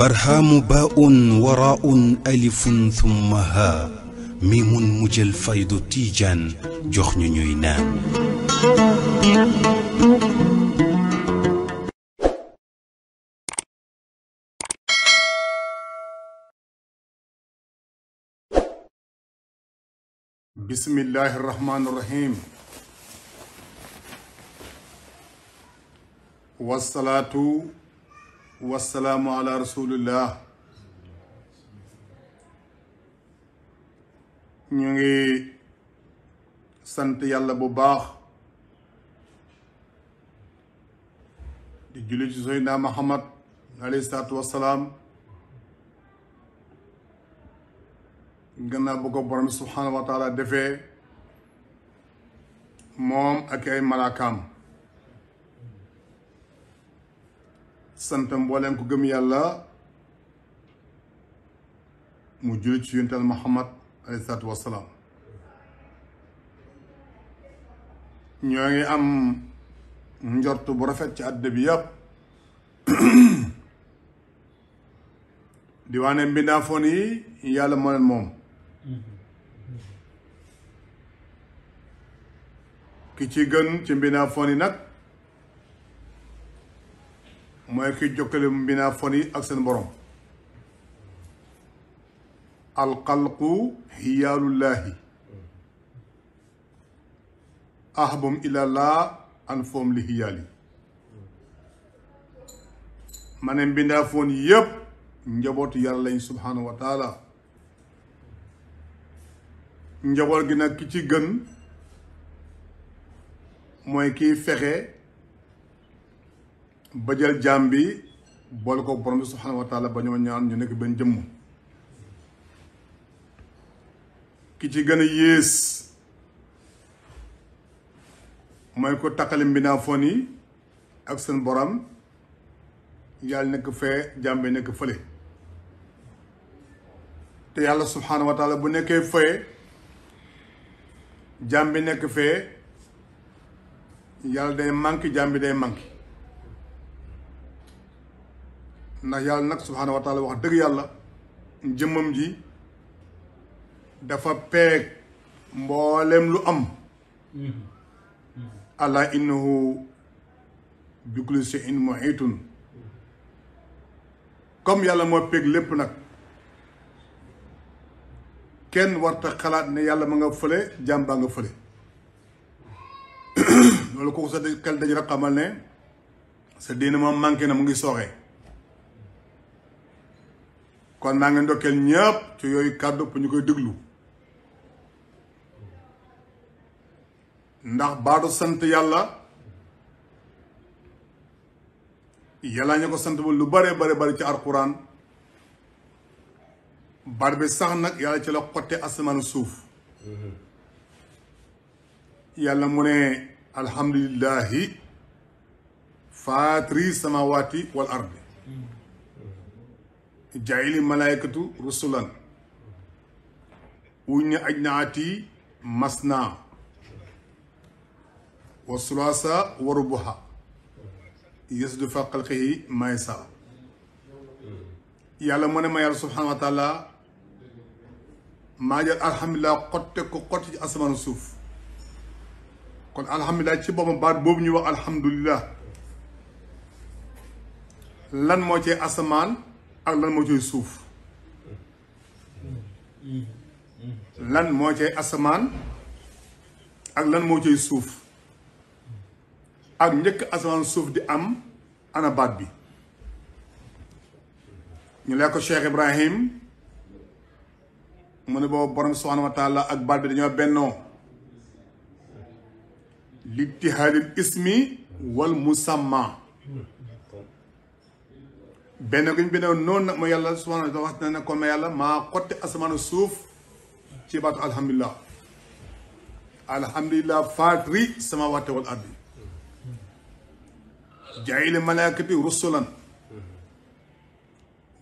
برهام باء وراء ألف ثم ها ميم مجل فيض تيجان جخن ñu بسم الله الرحمن الرحيم والصلاه والسلام على رسول الله نيغي سنت يالله بو باخ دي جولي سيدنا محمد عليه الصلاه والسلام غنا بوكو بروم سبحانه وتعالى دفي موم اكاي ملاكام sant mbooleem ko gëm yàlla mu julli ci yontal Muhammad alayhi salaatu wassalaam ñoo ngi am njort bu rafet ci àddina bi yàpp di wax ne mbindaafoon yi yàlla moo leen moom ki ci gën ci mbindaafoon yi nag moy ki jokkale mbina fon yi ak sen borom al alxalqu xiyaalullaahi ahbum ila la an fom li xiyaali ma ne mbindaa foon yépp njabootu yàlla lañ subhaanahu wa taala njaboot gi nak ci gën moy ki fexe ba jël jaam bi boole ko borom bi subhanahu wa taala ba ñoo ñaan ñu nekk benn jëmm ki ci gën a yées mooy ko takkali mbinaafoon yi ak seen borom yàlla nekk fee jaam bi nekk fële te yàlla subhanahu wa bu nekkee fee jaam bi nekk fee yàlla day manqué jaam bi day manqué ndax yàlla nag subhaanahu wa taala wax dëgg yàlla jëmmam ji dafa peeg mboolem lu am mm-hmm. ala innahu bi kulli shay'in muhiitun comme yàlla moo peeg lépp nag kenn warta xalaat ne yàlla mu nga fële jàmbaa nga fële loolu kooku sa xel dañu rek ne sa diine moom manqué na mu ngi sooxee kon maa ngi ndokkeel ñëpp ci yooyu kàddu pour ñu koy déglu ndax baatu sant yàlla yàlla ñu ko sant ba lu bare bare bari ci alxuraan baat bi sax nag yàlla ci la xotte asamaan suuf yàlla mu ne alhamdulillahi faatri samawaati wal ardi jaayili malaykatu rusulan uñ ajnaati masna wa sulaasa wa rubuha yasdu fa xalqihi maysa yàlla mu ne ma yàlla subhanahu wa taala maa jël alhamdulilah xotte ko xotte ci asamaan suuf kon alhamdulilah ci boppam baat boobu ñuy wax alhamdulilah lan moo ci asamaan ak lan moo cay suuf lan moo cay asamaan ak lan moo cay suuf ak njëkk asamaan suuf di am ana baat bi ñu lay ko Cheikh Ibrahim mu ne boobu borom subhaanahu wa ak baat bi dañoo bennoo littihaadil ismi wal musamma benn ko ñu beneen noonu nag ma yàlla subhaana wa taala wax na ne ko ma yàlla maa xotti asamaanu suuf ci baatu alhamdulilah alhamdulilah faatri samaawaati wal ardi jaayil malaakati rusulan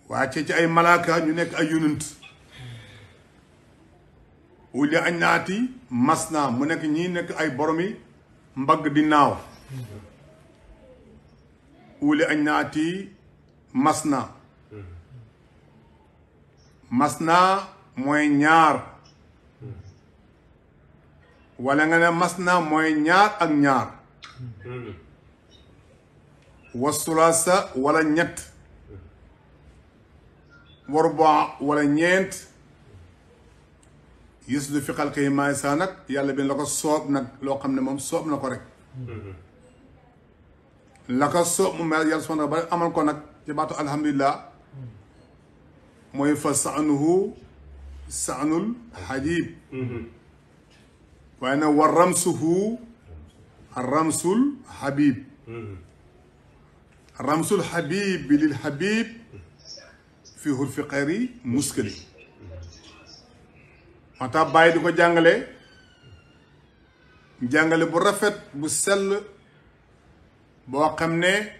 wàcce ci ay malaaka ñu nekk ay yonent uli añ naati mas naa mu nekk ñi nekk ay boromi mbagg di naaw uli añ naati Masna, masna moy ñaar wala nga ne masna moy ñaar ak ñaar wa sulasa wala ñet warba wala ñent yusuf fi khalqi ma sa nak yalla bin lako soob nak loo mom soob rek la ko soob mel yalla subhanahu wa amal ko nak. تباتو الحمد لله موي فسعنه سعن الحديد وانا ورمسه الرمس الحبيب الرمس الحبيب للحبيب في هو الفقري مسكلي متى باي ديكو جانغالي جانغالي بو رافيت بو سل بو خامني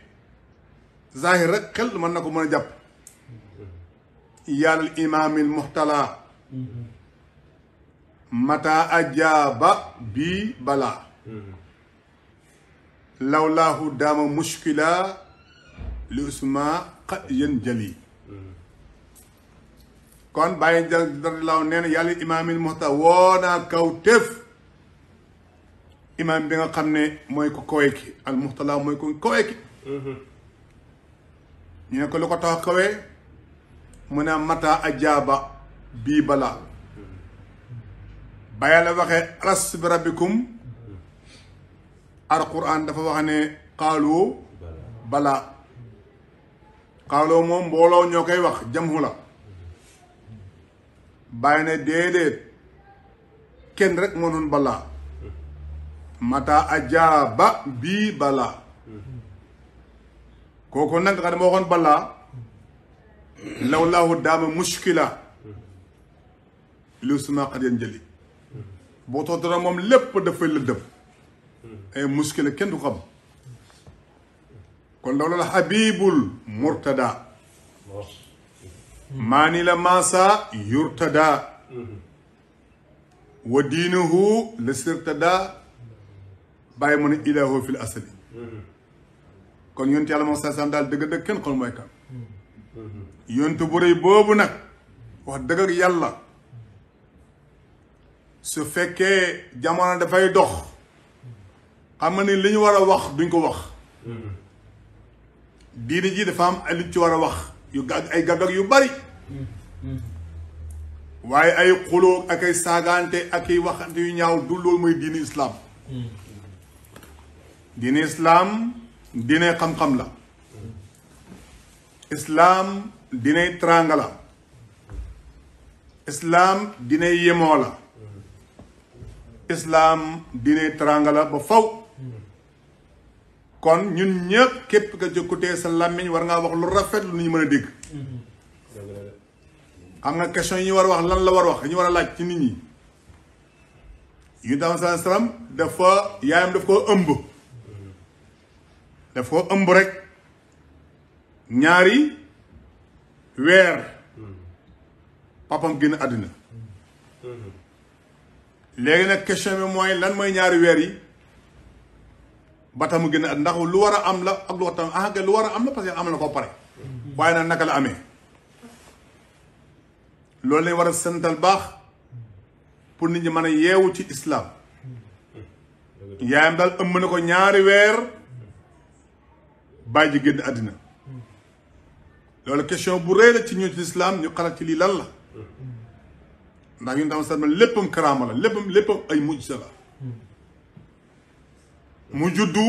zahir rek xel mën na ko mën a jàpp yàllal imaamil muxtala mata ajaaba bi bala lawlaahu daama mushkila li usma xa yen jëli kon bàyyi jal radilaahu nee na yàllal imaamil muxtala woo naa kaw téef imaam bi nga xam ne mooy ko kawe ki al muxtala mooy ko kawe ki ñu ne ko lu ko tax kawee mu ne mata ajaaba bii balaa ba yàlla waxee alas bi rabbikum alquran dafa wax ne xaalu balaa xaaloo moom mbooloo ñoo koy wax jamu la bàyyi ne déedéet kenn rek moo noon balaa mata ajaaba bii balaa كوكو نانك غادي موغون بلا لولاه دام مشكله لوسما قد ينجلي بوتو درا موم لب دا فاي لدم اي مشكله كين دو خم كون لولا الحبيب المرتدى ماني لماسا يرتدى ودينه لسرتدى بايمون اله في الاصل kon yonent yàlla moom saasam daal dëgg dëgg kenn xol mooy kan yonent bu rëy boobu nag wax dëgg yàlla su fekkee jamono dafay dox xam nga ni li ñu war a wax duñ ko wax diini ji dafa am ay lu ci war a wax yu gàgg ay gàgg yu bari waaye ay xuloo ak ay saagaante ak ay waxante yu ñaaw du loolu mooy diini islaam diini islaam diine xam-xam la islaam diine teraanga la islaam dina yemoo la islaam diine teraanga la ba faw kon ñun ñëpp képp ko jokkutee sa làmmiñ war ngaa wax lu rafet lu ñu mën a dégg am nga question yi ñu war wax lan la war a wax ñu war a laaj ci nit ñi yu daan salaam dafa yaayam daf koo ëmb daf ëmb rek ñaari weer papam génn àddina léegi nag question bi mooy lan mooy ñaari weer yi ba tax mu génn àddina ndax lu war a am la ak lu war ah, war a am la parce que am na ko pare waaye nag naka la amee loolu lañ war a sental baax pour nit ñi mën a yeewu ci islam yaayam daal ëmb na ko ñaari weer bàyyi ji génn àddina loolu question bu rëy la ci ñu ci lislaam ñu xalaat ci lii lan la ndax ñun tam salman léppam karaama la léppam léppam ay mujj la mu juddu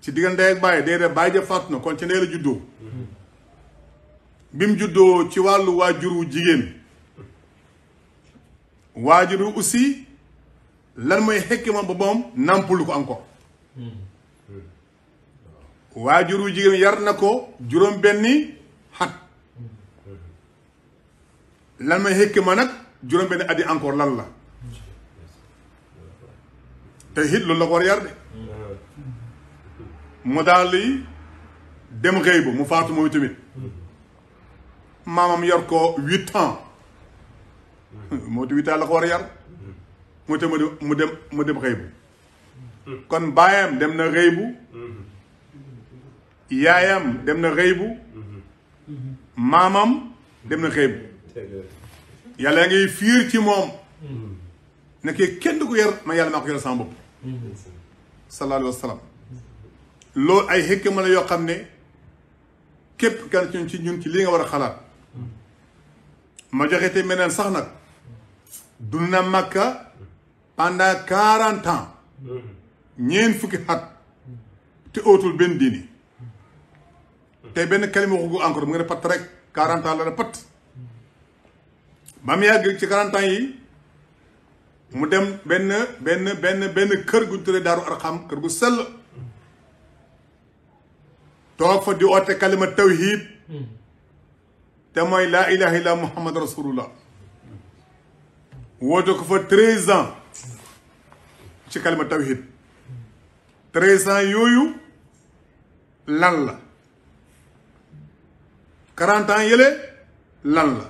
ci diggante ak bàyyi day dee bàyyi ja faatu na kon ci ndey la juddoo bi juddoo ci wàllu waajur wu jigéen waajur wu aussi lan mooy xekki ma ba moom nàmpulu ko encore waajur wu jigéen yar na ko juróom benni xat lan may xëkk ma nag juróom benni at encore lan la te it loolu la ko war yar de mu daal di dem xëy bu mu faatu mooy tamit maamam yar ko huit ans moo ti huit la ko war yar mu te mu dem mu dem xëy kon baayam dem na xëy يايام دمنا غيبو مامام دمنا غيبو يالاغي فير تي موم نكي كين دوكو ير ما يالا ماكو يالا سامبو صلى الله عليه وسلم لول اي هيكما لا يو خامني كيب كان تي نون تي ليغا ورا خالات ما جوخيتي منن صاح نك دولنا مكه pendant 40 ans ñeen fukki hat te otul te benn kalima gu encore mu ngi ne patt ans la ne patt ba mu yàgg ci 40 ans yi mu dem benn benn benn benn kër gu ñu tuddee daaru arxam kër gu sell toog fa di oote kalima tawhid te mooy laa ilaha illa muhammad rasulullah woote ko fa 13 ans ci kalima tawhid 13 ans yooyu lal la 40 ans yële lan la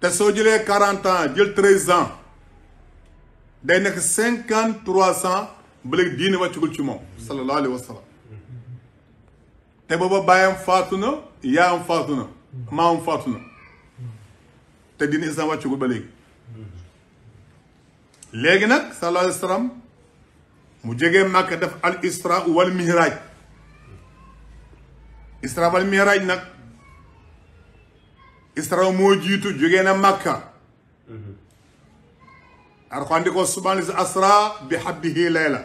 te soo jëlee 40 ans jël 13 ans day nekk 53 ans ba léegi diine wàccugul ci moom sallallahu alayhi wa sallam te booba bàyyam faatu na yaayam faatu na maamam te diine islam wàccugul ba léegi léegi nag sallallahu alayhi wa mu jegee Màkka def al isra wal mihraj isra wal mihraj nag Isra moo jiitu jógee na Makka arxandi ko subhaana si asra bi xabbihi layla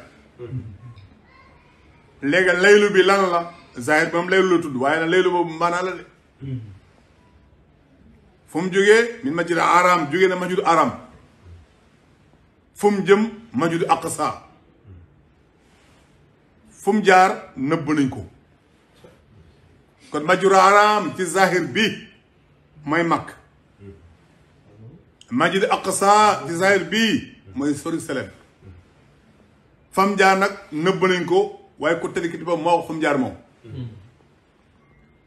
léegi laylu bi lan la zahir bam laylu la tudd waaye nag laylu boobu maanaa la de fu mu jógee min masjid aram jógee na masjid aram fu mu jëm masjid aqsa fu mu jaar nëbb nañ ko kon masjid aram ci zahir bi mooy Makk Masjid Aqsa ci Sahel bii mooy sori Selem fam jaar nag nëbb ko waaye ku tëddi ba moo fam jaar moom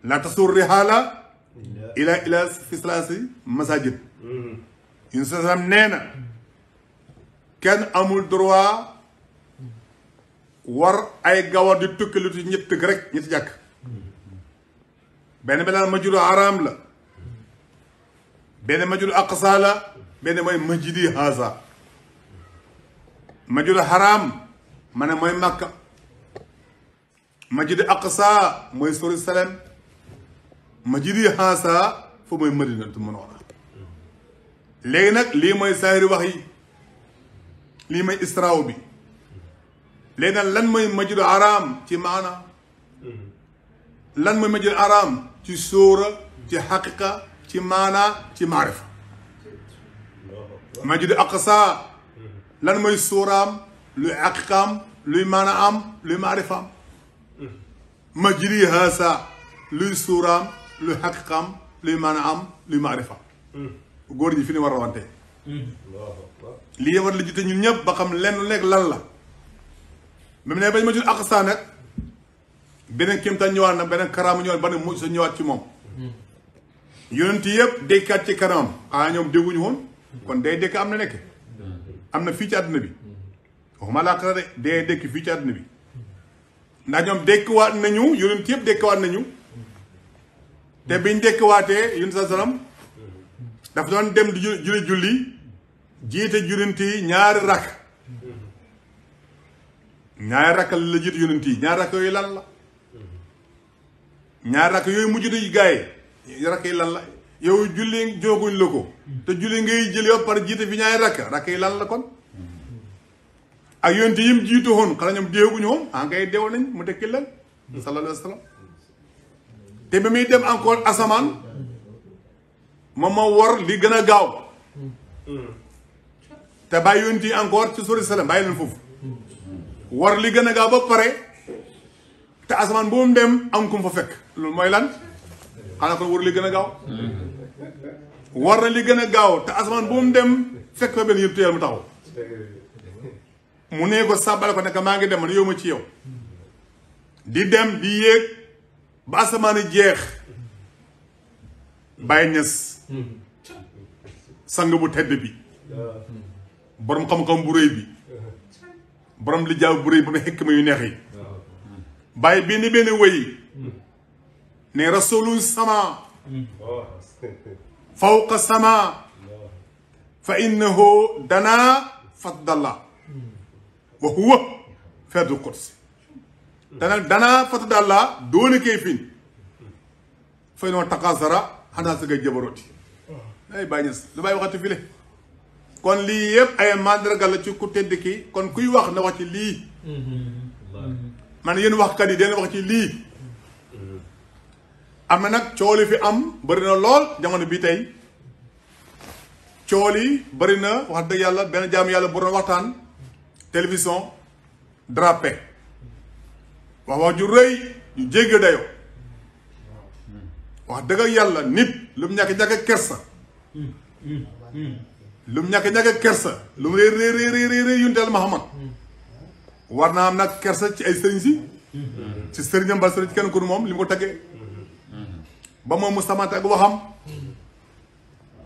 la tasur rihaala ila ila fi salaasi masajid yun sasam nee na kenn amul droit war ay gawar di tukki lu ci rek ñetti jàkk benn bi daal ma juru haram la بين مجل أقصى لا بين ماي مجدي هذا مجل حرام من ماي مكة مجد أقصى ماي سوري السلام مجدي هذا فماي مدينة المنورة لينك لي ماي سائر وحي لي ماي إسرائيلي لأن لن ماي مجد حرام تي معنا لن ماي مجد حرام تي سورة تي حقيقة تيمانا تيمارف ما جد أقصى لن ما يسورام لعقام لمانا أم لمعرفام ما جري هذا لسورام لحقام لمانا أم لمعرفة غوري فيني مرة وانت ليه ورد لجيت نجيب بكم لين ولك لا لا من هنا بيجي ما جد أقصى نت بين كم تنيوان بين كرام تنيوان بين موج تنيوان تيمام yonent yëpp dékkaat ci kanamam ah ñoom dégguñu woon kon day dëkk am na nekk am na fii ci àdduna bi waxuma laa xara de day dëkk fii ci àdduna bi ndax ñoom nañu yonent yëpp dékkwaat nañu te biñ dékkwaatee yonent sa salaam dem di julli jiite yonent yi ñaari rakk ñaari rakk la jiite yonent yi ñaari rakk yooyu lan la ñaari rakk yooyu mujj di gaay rakk yi lan la yow julli jooguñ la ko te julli ngay jël yow par jiite fi ñaari rakk rakk yi lan la kon ak yonte yi mu jiitu woon xanaa ñoom deeguñu woon en ah, ngay deew nañ mu tekki leen sallallahu alayhi wa sallam te bi muy dem encore asamaan moom moo war li gën a gaaw te bàyyi yonte yi encore ci sori salaam bàyyi li gën a gaaw ba pare te asamaan bu mu dem am ku fa fekk loolu mooy lan xanaa kon waru li gën a gaaw war na li gën a gaaw te asamaan bu mu dem fekk fa benn yëpp tuyal mu taxaw mu ne ko sàbbale ko nekk maa ngi dem man yow ma ci yow di dem di yéeg ba asamaan jeex bàyyi ñes sang bu tedd bi boroom xam-xam bu réy bi borom li jaaw bu rëy ba mu xekk ma yu neex yi bàyyi benn benn wëy ني رسول السماء فوق السماء فإنه دنا فضل وهو فرد القرسي دنا دنا فضل الله دون كيفين فإنه تقاصر هذا سجد جبروتي أي باينس لو باي وقت كون لي يب أي مادر قال تشوف كتير دكي كون كوي وقت نوقي لي من ين كذي دين وقت لي am na nag coow li fi am bëri na lool jamono bi tey coow li bëri na wax dëgg yàlla benn jaam yàlla bu doon waxtaan télévision drapé wax wax ju rëy ju jégg dayo wax dëgg yàlla nit lu mu ñàkk-ñàkk kersa lu mu ñàkk-ñàkk kersa lu mu réer réer réer réer réer war naa am nag kersa ci ay sëriñ si mm-hmm. ci sëriñam ba sëriñ kenn ku moom li mu ko taggee ba moom mu samanteeg waxam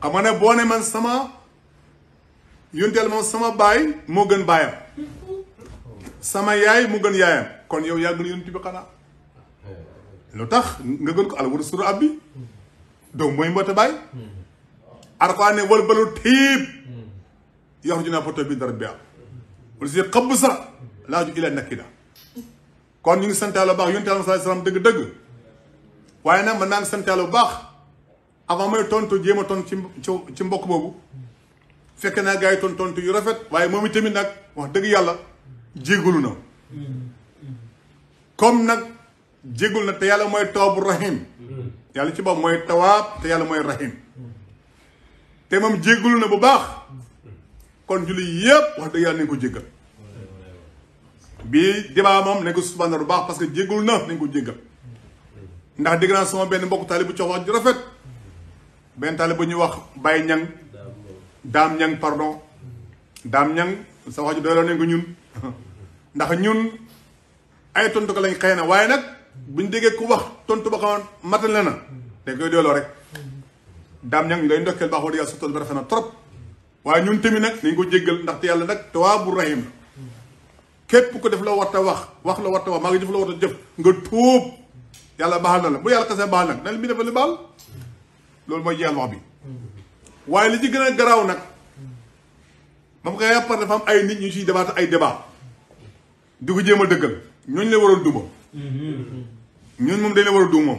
xam nga ne boo ne man sama yunteel moom sama baay moo gën baayam sama yaay mu gën yaayam kon yow yaa gën yonent bi lu tax nga gën ko alwar suru ab bi doom mooy mboote baay arqoaa ne wal balu tiib yox ju naa foto bi dara bi am wala si xëbb sax laa ju ila nakki da kon ñu ngi sant yàlla baax yonent yàlla sallallahu alayhi dëgg-dëgg waaye nag man naa ngi sant bu baax avant mooy tontu jéem a tontu ci ci mbokk boobu fekk naa gars yi tontu yu rafet waaye moom itamit nag wax dëgg yàlla jégalu na comme nag jégalu na te yàlla mooy tawaabu rahim yàlla ci bopp mooy tawaab te yàlla mooy rahim te moom jégalu na bu baax kon julli yëpp wax dëgg yàlla nañ ko jéggal bii débat moom nañ ko suspendre bu baax parce que jégalu na nañ ko jéggal ndax dégg naa sama benn mbokk talibu ci wax ju rafet ben talibu ñu wax bay ñang dam ñang pardon dam ñang sa wax ju la ne ko ñun ndax ñun ay tontu ko lañ xeyna na nak nag buñ déggee ku wax tontu ba xawon matal na na da koy doyloo rek dam ñang ngay ndokkel baax wala yàlla sutal ba rafet na trop waye ñun tamit nag nañ ko jéggal ndaxte yalla nak tawabur rahim ko def la warta wax wax la warta wax ma ngi def la warta def nga yàlla baal na la bu yàlla xasse baal nak dal mi defal li baal lolou moy jeexal wax bi waye li ci gëna graw nak bam ko yappal par dafa am ay nit ñu ci débat ay débat di ko jéem a dëggal ñooñu la war duma ñooñu mom dañ la waral duma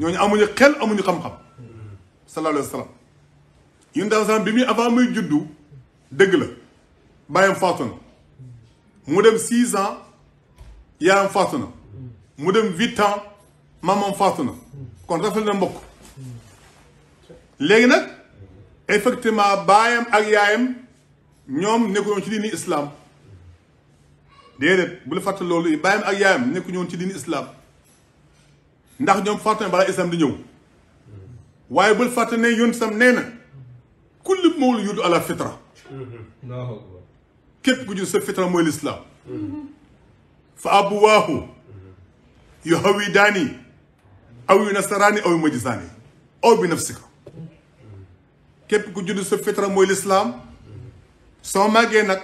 moom amuñu xel amuñu xam-xam sallallahu alayhi wasallam sallam yun daal sax bi muy avant muy juddu deug la bayam fatuna mu dem 6 ans yaayam fatuna mu dem huit ans maamam faatu na kon rafet na mbokk léegi nag effectivement baayam ak yaayam ñoom nekkuñoon ci diini islam déedéet bu la fàttali loolu baayam ak yaayam nekkuñoon ci diini islam ndax ñoom faatu na balaa islam di ñëw waaye bul fàtte ne yoon sam nee na kulli mawluudu ala fitra képp ku jur sa fitra mooy lislaam fa abuwaahu yu hawidaani aw yu nasaraani aw yu majisaani aw bi nafsika képp ku judd sa fitra mooy lislaam soo màggee nag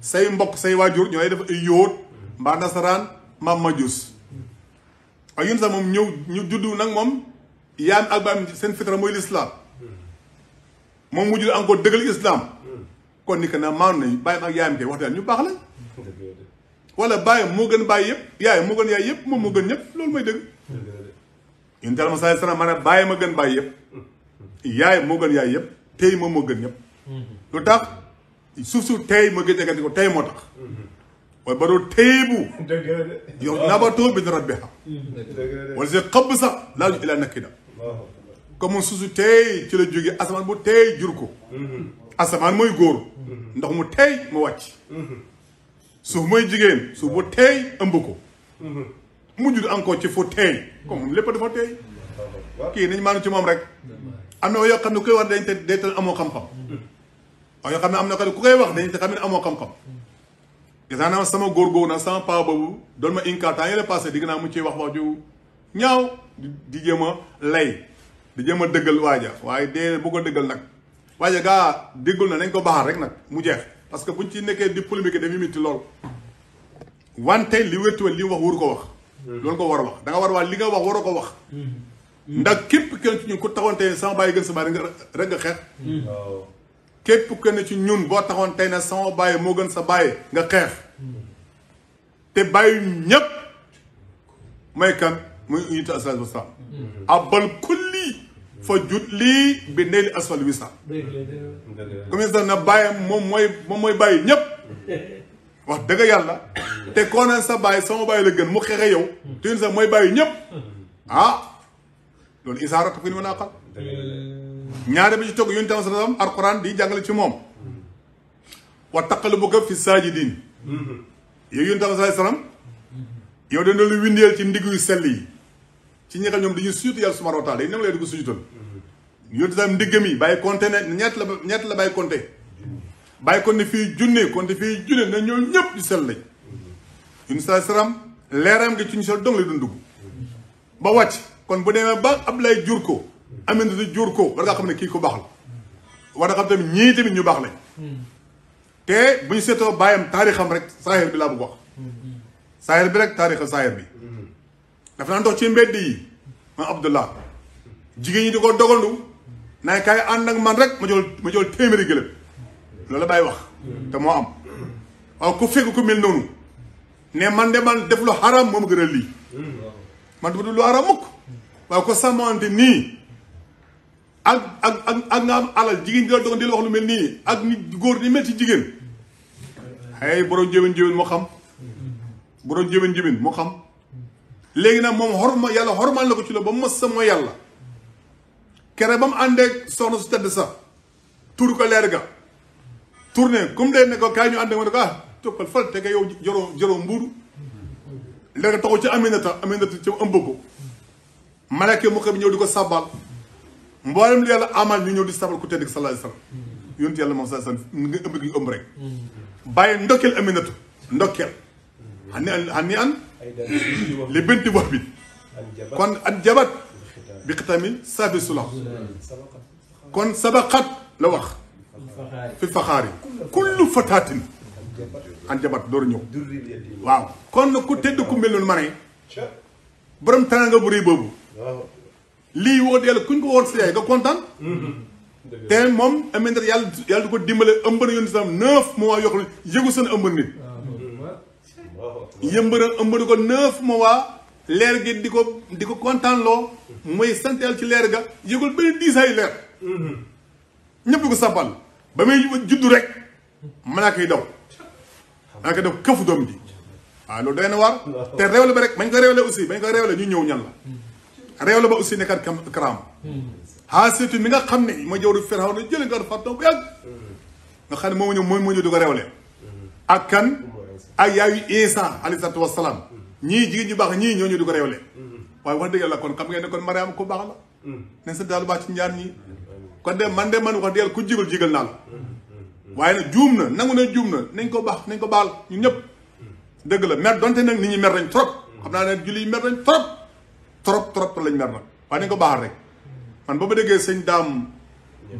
say mbokk say waajur ñoo lay def ay yóot mbaa nasaraan mbaa majus ak yun sax moom ñëw ñu juddu nag moom yaam ak baam seen fitra mooy lislaam moom mu judd encore dëggal islaam kon ni que na maanu nañ bàyyi ak yaayam kay wax dëgg ñu baax la wala baay moo gën bàyyi yëpp yaay moo gën yaay yëpp moom moo gën ñëpp loolu may dëgg yun tala masalai salam maanaam bàyyi ma gën bàyyi yëpp yaay moo gën yaay yëpp tey moom moo gën ñëpp lu tax suuf su tey ma gën jegante ko tey moo tax waaye ba doon teebu yow nabatoo bi dara sax laal ñu nakki da comme moom suuf su tey ci la jógee asamaan bu tey jur ko mhm. asamaan mooy góor mhm. ndox mu tey mu wàcc mhm. suuf moy jigéen suuf bu tey ëmb ko mu encore ci fu tey comme moom lépp dafa tey kii nañ maanu ci moom rek am na yoo xam ne koy war dañ te day te amoo xam-xam waaw yoo xam ne am na ku koy wax dañ te xam ne amoo xam-xam gis naa sama góor góor na sama paa boobu doon ma incar temps yële passé digg naa mu ci wax wax ju ñaaw di jéem a lay di jéem a dëggal waaja waaye dee bu ko dëggal nag waaja gaa déggul na nañ ko baaxal rek nag mu jeex parce que bu ñu ci nekkee di polémique dañuy métti lool wante li wér li mu wax waru ko wax. loolu ko war a wax da nga war a wax li nga wax waroo ko wax. ndax képp kenn ci ñun ku taxoon tey sama bàyyi gën sama rek nga xeex. waaw képp kenn ci ñun boo taxoon tey ne sama bàyyi moo gën sa bàyyi nga xeex. te bàyyi ñëpp. mooy kan muy unité assurance mm. boobu sax. kulli. fa jut lii bi ndey li asfal wisa communiste na bàyyam moom mooy moom mooy bàyyi ñépp wax dëgg yàlla te koo naan sa bàyyi sama bàyyi la gën mu xeexe yow tuuti sax mooy bàyyi ñépp ah loolu isaarata fi ni mën a xal ñaare bi ci toog yun tam sanam alquran di jàngale ci moom wa taqallubuka fi saajidin yow yun tam sanam yow dañ lu windeel ci ndigg yu sell yi ci ñi nga ñoom dañuy suyutu yàlla subhanahu wa taala yi nangu lay dugg suyutal yonent tam ndiggam yi bàyyi compté ne ñett la ñett la bàyyi compté bàyyi compté fii junne compté fii junne na ñoo ñëpp di sel lañ yun saa saram leeraam nga ci ñu sel dong la doon dugg ba wàcc kon bu demee ba Ablaye jur ko Aminata jur ko war nga xam ne kii ko baax la war nga xam tamit ñii tamit ñu baax lañ te bu ñu seetoo bàyyam taarixam rek saahir bi laa bëgg wax saahir bi rek taarixam saahir bi dafa naan dox ci mbedd yi ma Abdullah jigéen ñi di ko dogandu naa kaay ànd ak man rek ma jël ma jël téeméeri gëlëm loolu la bàyyi wax te moo am waaw ku fekk ku mel noonu ne man de man def lu xaram moom gën a lii man du lu xaram mukk waaye ko sàmmante nii ak ak ak nga am alal jigéen ñi di la dogandu di la wax lu mel nii ak ni góor ni mel jigéen xëy borom jëwén jëwén moo xam borom jëwén jëwén moo xam léegi nag moom xorma yàlla xormaal na ko ci loolu ba mu mës sa mooy yàlla kere ba mu àndee soxna su tedd sa tour ko leer ga tourné comme dee ne ko kaay ñu àndee ma ne ko ah fal te nga yow joroo joroo mburu leer ga taxaw ci aminata aminata ci ëmb ko malaake mu xam ñëw di ko sabbal mboolem li yalla amal ñu ñëw di sabal ku tedd sallallahu alayhi wasallam yonent yalla mo sallallahu alayhi wasallam nga ëmb gi ëmb rek bàyyi ndokkeel aminata ndokkeel هنيئا هنيئا لبنت وهب كون أنجبت بختام سادس له كون سبقت لوخ في الفخار كل فتاة أنجبت دور نيو واو كون كو تيد كو ميلون ماني borom teraanga bu rëy boobu lii woon yàlla kuñ ko woon si yaay nga kontaan te moom amee na yàlla yàlla du ko dimbale ëmb na yoon islam neuf mois yoo xam ne yëgu seen ëmb nit yëmbëral ëmbëri ko neuf waa leer gi di ko di ko kontaan loo mooy sant yàlla ci leer ga yëgul benn diisaayu leer ñëpp ko sampal ba muy juddu rek manaa koy daw manaa koy daw këfu doom ji waaw loolu doy na waar te réewle ba rek bañ ko réewle aussi bañ ko réewle ñu ñëw ñan la réewle ba aussi nekkat karaam xaasitu mi nga xam ne mooy jawru Firawna jële nga far tam bu yàgg nga xam ne moom ñëw mooy moo ñëw di ko réewle ak kan ak esa isa alayhi salaatu wasalaam ñi jigi ñu bax ñi ñooñu di ko réewle way wax deug kon xam ngeen kon mariam ku bax la ne sa daal ba ci ñaar ñi kon de man de man wax dëgg ku jigal jigal naa la waaye nag juum na nangu na joom na nañ ko bax nañ ko baal ñu ñep deug la mer donte nak nit ñi mer nañ trop xam na ne julli mer nañ trop trop trop lañ mer nag waye nañ ko baaxal rek man bama deggé señ dam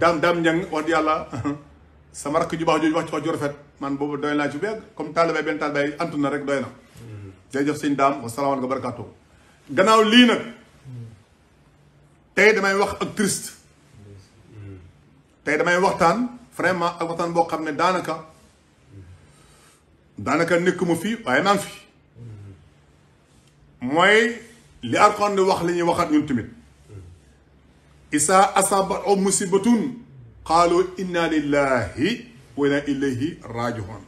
dam dam ñang wax yalla sama rakk ju baax jooju wax ci wax rafet man bobu doyna naa ci beug comme taalibaay ben taalibaay antuna rek doyna jey jox seigne dame wa salaamaaleykum wa barakaatu gannaaw li nak tay damay wax ak triste tay damay waxtan vraiment ak waxtan bo xamne danaka danaka nekuma fi waye waaye fi moy li Alxuraan di wax li ñuy waxaat ñun timit isa asaba o musibatun قالوا إنا لله وإنا إليه راجعون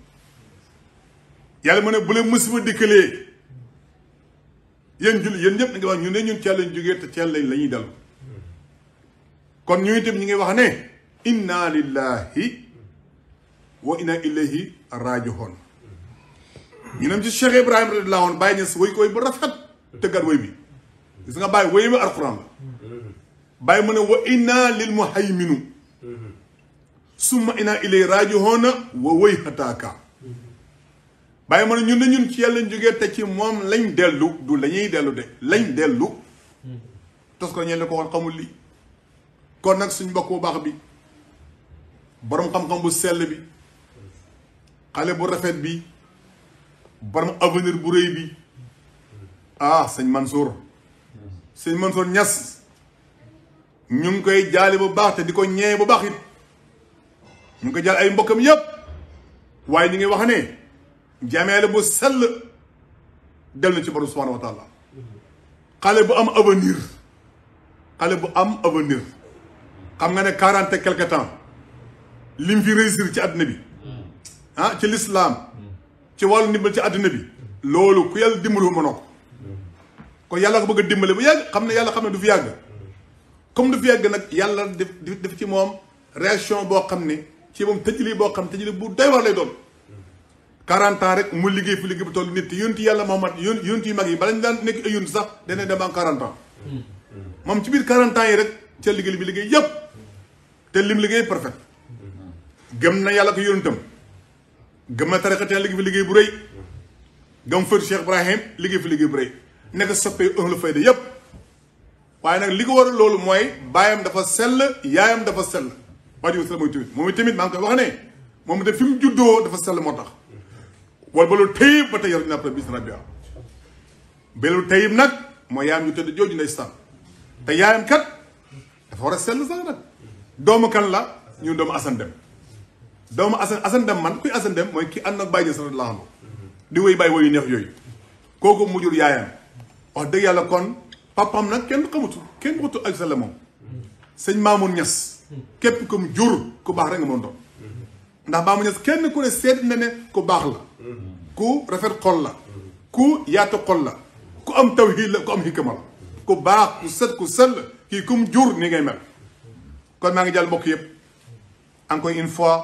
يالا مون بولي مسيبو ديكلي يان جول يان نيب نغي واخ ني نون تيال نجوغي تا تيال لاي لاني دال كون نيو تيم نيغي واخ ني إنا لله وإنا إليه راجعون ينام جي شيخ إبراهيم رضي الله عنه باي نيس وي كوي بو رافات تيغات وي بي gis nga baye wayima alquran la baye mune wa inna lil muhaymin suma inaa ilay raajihoona wa wëy xataaka bàyyi ma ne ñun ne ñun ci yàlla jógee te ci moom lañ dellu du lañuy dellu de lañ dellu tos ko ñeen li ko xamul lii kon nag suñ mbokk bu baax bi boroom xam-xam bu sell bi xale bu rafet bi borom avenir bu rëy bi ah sëñ Mansour sëñ Mansour Ñas ñu ngi koy jaale bu baax te di ko ñee bu baax it mu ngi jël ay mbokkam yépp waaye ñu ngi wax ne jameele bu sell del na ci borom subhanahu wa taala xale bu am avenir xale bu am avenir xam nga ne quarante et quelque temps lim fi réussir ci àddina bi ah ci lislaam ci wàllu ndimbal ci àddina bi loolu ku yàlla dimbalu mënoo ko kon yàlla ko bëgg a dimbale bu yàgg xam ne yàlla xam ne du fi yàgg comme du fi yàgg nag yàlla def def ci moom réaction boo xam ne ci moom lii boo xam tëjli bu doy war lay doon 40 ans rek mu liggéey fi liggéey bu toll nit yonti yàlla Muhammad yon yonti yu mag yi bala ñu daan nekk ay yonti sax dana dem am 40 moom ci biir 40 yi rek ca liggéey bi liggéey yëpp te lim liggéey parfait gëm na yàlla ko yonentam gëm na tarixatee liggéey fi liggéey bu rëy gëm fëtu liggéey fi liggéey bu rëy nekk soppee ëxlu fayda yëpp waaye nag li ko waral loolu mooy baayam dafa sell yaayam dafa sell waajur sell mooy tamit moom tamit maa ngi koy wax ne moom de fi mu juddoo dafa sell moo tax wala ba loolu tayib ba tey yor na après bis rabia belu nag mooy yaayam ju tëdd jooju ndeysaan te yaayam kat dafa war a sell sax nag doomu kan la ñu doomu Assane Deme doomu Assane Assane Deme man kuy Assane Deme mooy kii ànd na bàyyi sa la di wéy bàyyi woyu neex yooyu kooku mujjul yaayam wax dëgg yàlla kon papam nag kenn xamutu kenn xamutu ak sa képp comme jur ku baax rek nga mën doon ndax mu Ñas kenn ku ne seet na ne ku baax la ku rafet xol la ku yaatu xol la ku am taw tawhiid la ku am hikma la ku baax ku set ku sell kii comme jur ni ngay mel kon maa ngi jàll mbokk yëpp encore une fois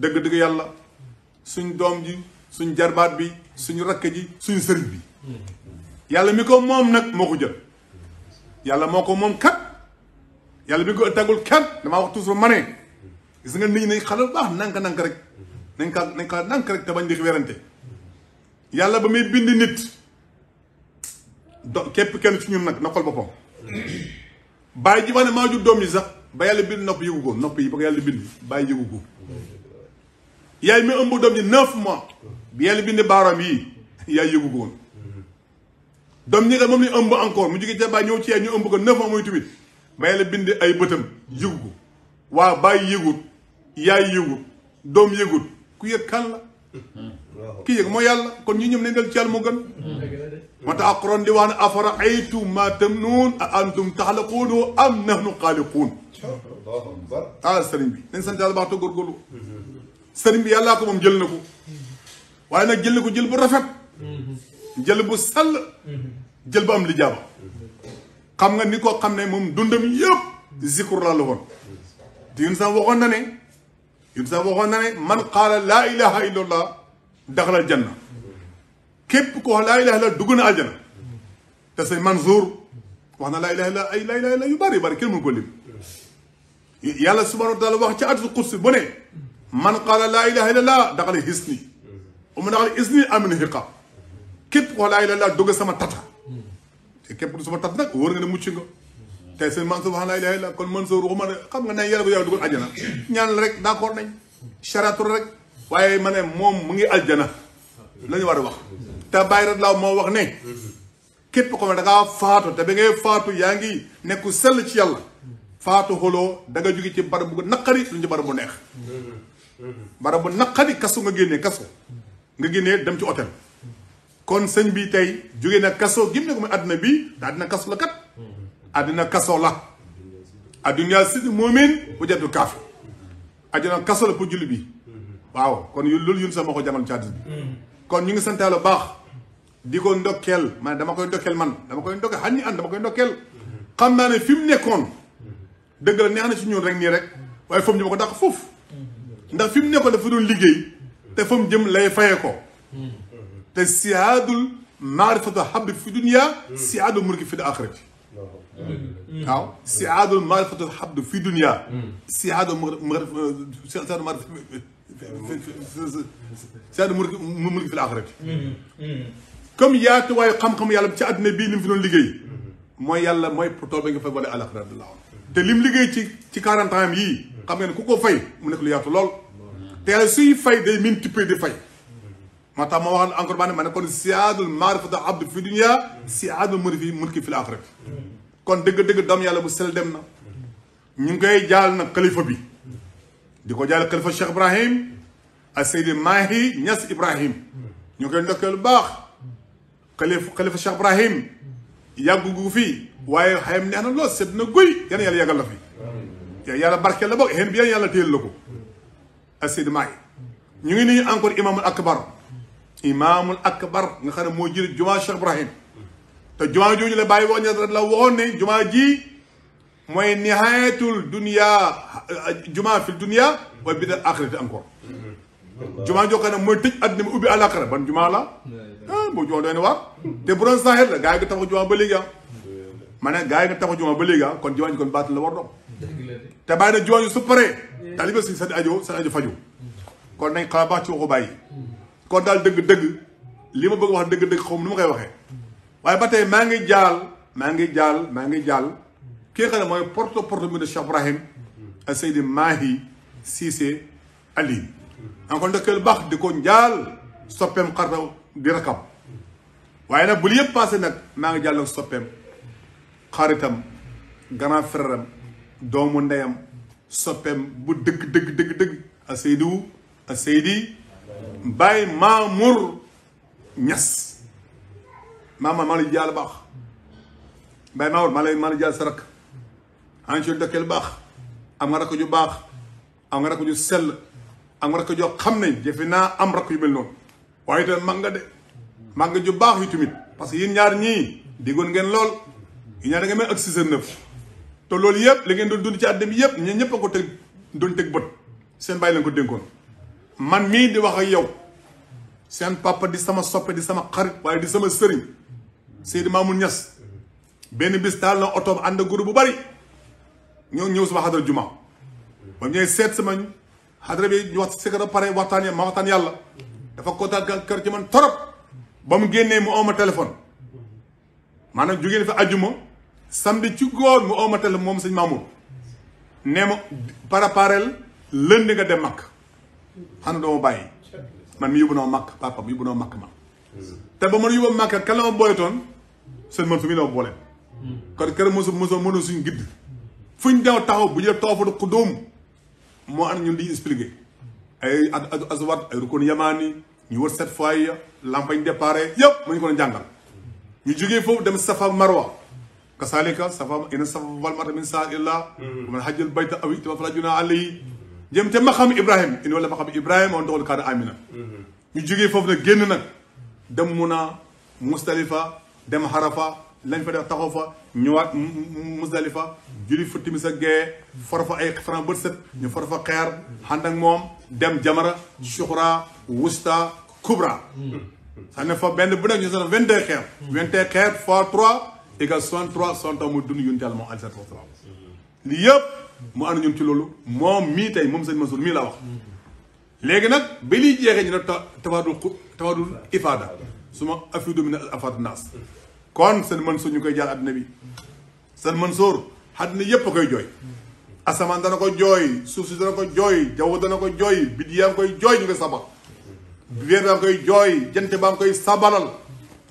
dëgg-dëgg yàlla suñ doom ji suñ jarbaat bi suñu rakk ji suñu sëriñ bi yàlla mi ko moom nag moo ko jël yàlla moo ko moom kat yàlla bi nga ko tàggul kenn damaa wax toujours ma ne gis nga nit ñi nañ xale bu baax nank nank rek nañ ka nañ ka nank rek te bañ di werante yàlla ba muy bind nit do képp kenn ci ñu nag na xool boppam bàyyi ji wax ne ma jur doom yi sax ba yàlla bind nopp yëgu ko nopp yi ba ko yàlla bind bàyyi yëgu ko yaay mi ëmb doom yi neuf mois bi baaraam yii yaay yëgu ko woon doom ñi nga moom ni ëmb encore mu jógee ca bàyyi ñëw ci yaay ñu ëmb ko neuf mois mooy tamit may la bindi ay bëtam yëgu ko waa bàyyi yëgut yaay yëgut doom yëgut ku yëg kan la ki yëg moo yàlla kon ñu ñëm ne ngal cial yàlla moo gën moo tax alquran di wax afara aytum ma tamnun a antum taxlaquunu am nahnu xaaliquun ah sëriñ bi nañ sant yàlla baax te góorgóorlu sëriñ bi yàllaa ko moom jël na ko waaye nag jël na ko jël bu rafet jël bu sell jël bu am li lijaaba xam nga ni koo xam ne moom dundam yëpp zikur la la woon di yun sax waxoon na ne yun sax waxoon na ne man qaala laa ilaha illallah daxala janna képp ko wax laa ilaha illa dugg na aljana te sëñ Mansour wax na laa ilaha illa ay laa ilaha illa yu bari bari kenn mënu ko lim yàlla subhanahu wa taala wax ci atul kursi bu ne man qaala laa ilaha illallah daxala hisni umu daxala hisni amin hiqa képp ko wax laa ilaha illa dugg sama tata te képp du sama tat nag wóor nga ne mucc nga tey seen Mansour wax laa ilaaha illa kon Mansour waxuma ne xam nga ne yàlla bu yàlla dugal àjjana ñaan la rek d'accord nañ charatul rek waaye ma ne moom mu ngi aljana la ñu war a wax te bàyyi rek laaw moo wax ne képp ko ne dangaa ngaa faatu te ba ngay faatu yaa ngi nekku sell ci yàlla faatu xoloo da nga jóge ci barab bu naqari lu ci barab bu neex barab bu naqari kasu nga génnee kasu nga génnee dem ci hôtel kon sëñ bi tey jóge na kaso gim ne ko muy àdduna bi te àdduna kaso la kat àdduna kaso la àdduna si moomin bu jaddu kaaf àdduna kaso la pour julli bi waaw kon loolu yun sax ko jàngal ci àdduna kon ñu ngi santaale baax di ko ndokkeel man dama koy ndokkeel man dama koy ndokkeel xan ñi an dama xam naa ne fi mu nekkoon dëgg la neex na ci ñuul rek nii rek waaye foofu ñu ma ko dàq foofu ndax fi mu nekkoon dafa doon liggéey te fa mu jëm lay faye ko تسيادل المعرفة الحب في الدنيا سعادة المرك في الآخرة أو نعم. سعادة معرفة حب في الدنيا سعادة معرفة سعادة معرفة في الآخرة كم يات تواي قم قم يا لم تعد نبي لم فينون لجي ما يلا ما يبطل بينك في ولا على خير الله تلم لجي تي تي كارن تايم يي قم يعني كوكو فاي منك لياتو لول تلسي فاي دي مين تبي دي فاي ماتامو وخال انكور بان مان كون سياد المعرفه عبد في الدنيا سياد المر في ملك في الاخره كون دغ دغ دوم يالا بو سل ديمنا نينكاي جال نا خليفه بي ديكو جال خليفه شيخ ابراهيم السيد ماهي نياس ابراهيم نينكاي نوكل باخ خليفه خليفه شيخ ابراهيم ياغوغو في واي خيم نانا لو سيدنا غوي يان يالا ياغال في يا يالا بركه لا بو هين بيان يالا تيل لكو السيد ماهي نيغي ني انكور امام الاكبر imaamul akbar nga xam mo moo jël jumaa Cheikh Ibrahim te juma joju la baye woon la waxoon ne jumaa ji moy nihayatul dunya juma fil dunya wa al akhirati encore juma joo xam ne tëj adna ubi al akhirah ban juma la ah boobu jumaa doy na te bron sahel saaxir la gaa yi nga taxaw jumaa ba léegi mané ma ne gaa yi nga taxaw jumaa ba léegi kon juma ji kon baatal la war do te bàyyi juma ju su pare taalibe si seen ajo seen faju kon nañ xalaat ci waxu bàyyi kon daal dëgg-dëgg li ma bëgg wax dëgg-dëgg xaw mu nu ma koy waxee waaye ba tey maa ngi jaal maa ngi jaal maa ngi jaal ki mooy porte porte bi de Cheikh Ibrahim ak Seydi Mahi Cissé Ali encore ndëkkal baax di ko njaal soppeem xarta di rakam waaye nag bu li yëpp nag maa ngi jàll nag soppeem xaritam grand frère am doomu ndeyam soppeem bu dëgg dëgg dëgg a Seydou a Seydi Baye Mamour Niass maama maa lay jàll baax Baye Mamour maa lay maa lay sa rakk am ci dëkkeel baax am nga rakk ju baax am nga rakk ju sell am nga rakk joo xam ne jëfe naa am rakk yu mel noonu waaye tamit mag nga de mag nga ju baax yu tamit parce que yéen ñaar ñii diggoon ngeen lool yéen ñaar da ngeen may ak six neuf te loolu yëpp li ngeen doon dund ci àddina bi yëpp ñun ñëpp ko teg doon teg bët seen bàyyi leen ko dénkoon. man mii di wax ak yow seen papa di sama soppe di sama xarit waaye di sama sëriñ Seydi Mamoun ñas benn bis taal na oto ànd ak bu bari ñoo ñëw sama xadara juma ba ñooy seet sama xadara bi ñu wax ma waxtaan yàlla dafa kontaan kër ci man torop ba mu génnee mu ooma téléphone maanaam jógee na fi ajuma samedi ci góor mu ooma téléphone moom sëñ Mamoun nee ma préparel lënd nga dem mag xanaa dama bàyyi man mi yóbbu noo màkk papa mi yóbbu noo màkk ma te ba man yóbbu màkk kan la ma booletoon seen man su mi la ma boole kon kër mosu mosu mënu suñu gidd fu ñu daw taxaw bu ñu tawafatu xudóom moo an ñun di expliqué ay ad aswat ay rukun yamaani ñu wër sept fois ya lampañ départ yëpp mu ñu ko doon jàngal ñu jógee foofu dem safa marwa kasaalika safa ina safa wal marwa min saa illah mm. man hajjal bayta aw itamam falaa junaaha alayhi dem te maxam ibrahim in wala maxam ibrahim on dogal kar amina ñu jógee fofu nag génn nak dem muna mustalifa dem harafa lañ fa def taxofa fa ñëwaat musdalifa julli fa timis ak gee for ay xafran bët set ñu forfa xair hand ak mom dem jamara suxra wusta kubra sa ne fa ben bu nekk ñu sa vingt xair 20 xair deux xeer fois trois égal 63 63 mu dun yunti yàlla moom alei salatu li yeb mu na ñun ci loolu moom mii tey moom sëñ Mansour mii laa wax léegi nag ba liy jeexee ñu ne xu tawaadul ifaada su ma afidu min al afaad naas kon sëñ Mansour ñu koy jaar àddina bi seen Mansour àddina yépp a koy jooy asamaan dana ko jooy suuf si dana ko jooy jaww dana ko jooy biddi yaa koy jooy ñu saba bi weer baa ngi koy jooy jant baa ngi koy sabalal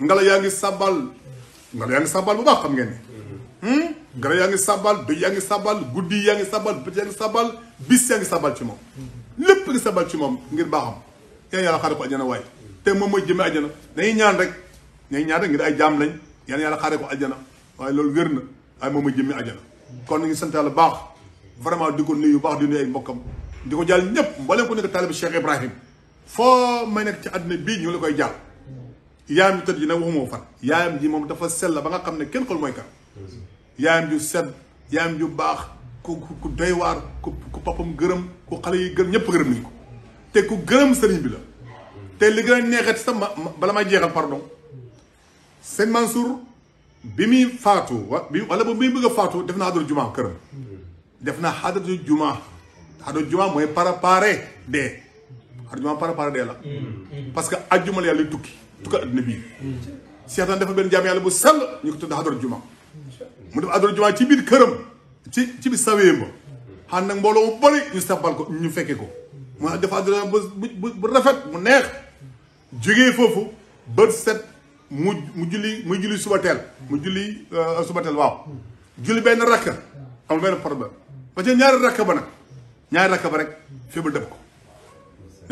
ngelaw yaa ngi sabal ngelaw yaa ngi sabal bu baax xam ngeen ne hmm gara yaangi sabal do yaangi sabal gudi yaangi sabal bëj yaangi sabal bis yaangi sabal ci mom lepp sabal ci mom ngir baxam ya yalla xare ko aljana way te mom moy jëme aljana dañuy ñaan rek ñay ñaan rek ngir ay jam lañ ya yalla xare ko aljana way lool wërna ay mom moy jëme aljana kon ngi sant yalla baax vraiment diko nuyu baax di nuyu ay mbokam diko jall ñep mbolé ko nek talib cheikh ibrahim fo may nek ci aduna bi ñu la koy jall yaayam teud ji na waxumo fat yaayam ji mom dafa sel ba nga xamne kenn xol moy kan yam ju sedd yam ju bax ku ku doy war ku ku papam gërëm ku xale yi gërëm ñepp gërëm nañ ko te ku gërëm sëriñ bi la te li gën neexat sa bala ma bala pardon sen Mansour bi mi faatu wala bu mi bëgg a faatu def na hadru juma kërëm def juma hadru juma moy para paré dé hadru juma para paré dé la parce que aljuma la yalla tukki adna bi cheikh seetaan dafa ben jamm yalla bu sel ñu ko tudd hadru juma mu def adoro jumaa ci bir kërëm ci ci bi sawé ma han nak mbolo bari aduh ñu sabbal ko ñu fekke ko mu def adul bu rafet mu neex jógee fofu ba set mu julli mu julli suba teel mu julli euh, suba teel waaw julli ben rakka am ben problème parce que ñaar rakka ba nak ñaar rakka ba rek def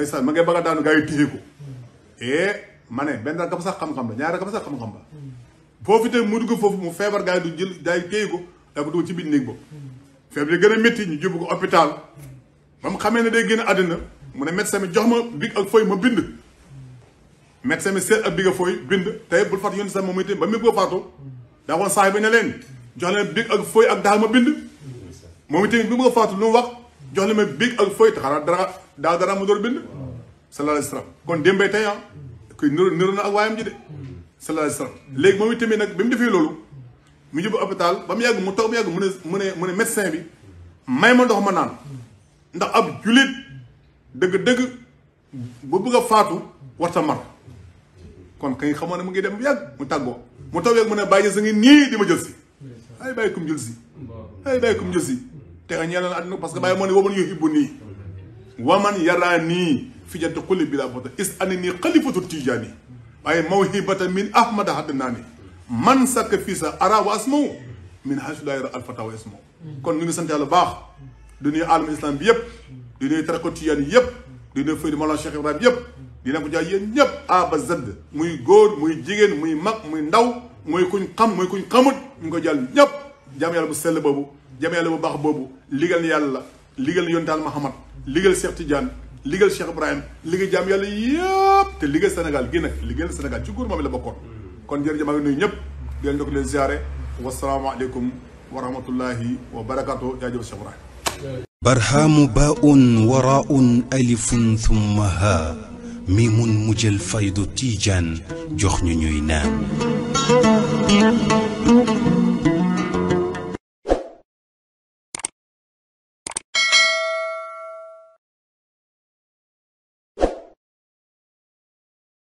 ko ma ngay baga daanu gaay ko eh ma ba sax xam-xam la ñaar rakka ba sax xam-xam ba foofu itam mu dugg foofu mu feebar gaa yi du jël gars yi téye ko dafa dugg ci biir néeg ba feebar yi gën a métti ñu jubbu ko hôpital ba mu xamee ne day génn àddina mu ne médecin bi jox ma big ak fooy ma bind médecin bi seet ak big sax moom itam ba mu ko fàttu daa woon saay bi ne leen jox leen big ak fooy ak daal ma bind moom itam bi mu ko fàttu lu mu wax jox leen ma big ak fooy te xanaa dara daa dara mu door bind sallallahu alayhi wa sallam kon démbay tey ah kuy niru niru na ak sallallahu alayhi wasallam léegi moom itamit nag bi mu defee loolu mu jub hôpital ba mu yàgg mu toog mu yàgg mu ne médecin bi may ma ndox ma naan ndax ab jullit dëgg-dëgg bu bëgg a faatu warta mar kon kañ xamoon ne mu ngi dem bu yàgg mu tàggoo mu toog yàgg mu ne bàyyi sa ngi nii di ma jël si ay bàyyi kum jël si bàyyi kum jël te nga ñeelal àdduna parce que bàyyi moo ne waman yu hibbu nii waman yaraa nii fi jant xulli bi laa fota is ani nii xalifatu tijaani أي موهبة من أحمد حدناني من سك في سا أرا واسمو من حسن دائرة الفتاوى اسمو كون نيو سنتي الله باخ دنيا عالم الاسلام ييب دنيا تركوتيان ييب دنيا فيد مولا شيخ ابراهيم ييب دنيا كو جاي ييب ا با زد موي غور موي جيجين موي ماك موي نداو موي كوني خام موي كوني خامت نيو كو جال ييب جام يالله بو سل بوبو جام يالله باخ بوبو ليغال يالله ليغال يونتال محمد ليغال شيخ تيجان liggéeyal Cheikh Ibrahim liggéey jaam yàlla yëpp te liggéey Sénégal gi nag liggéeyal Sénégal ci gouvernement bi la bokkoon kon jërëjëf maa ngi nuyu ñëpp di leen doog leen ziare wasalaamaaleykum wa rahmatullahi wa barakaatu jaajëf Cheikh Ibrahim barhamu baun waraun alifun thumma ha mimun mujjal faydu tijaan jox ñu ñuy naan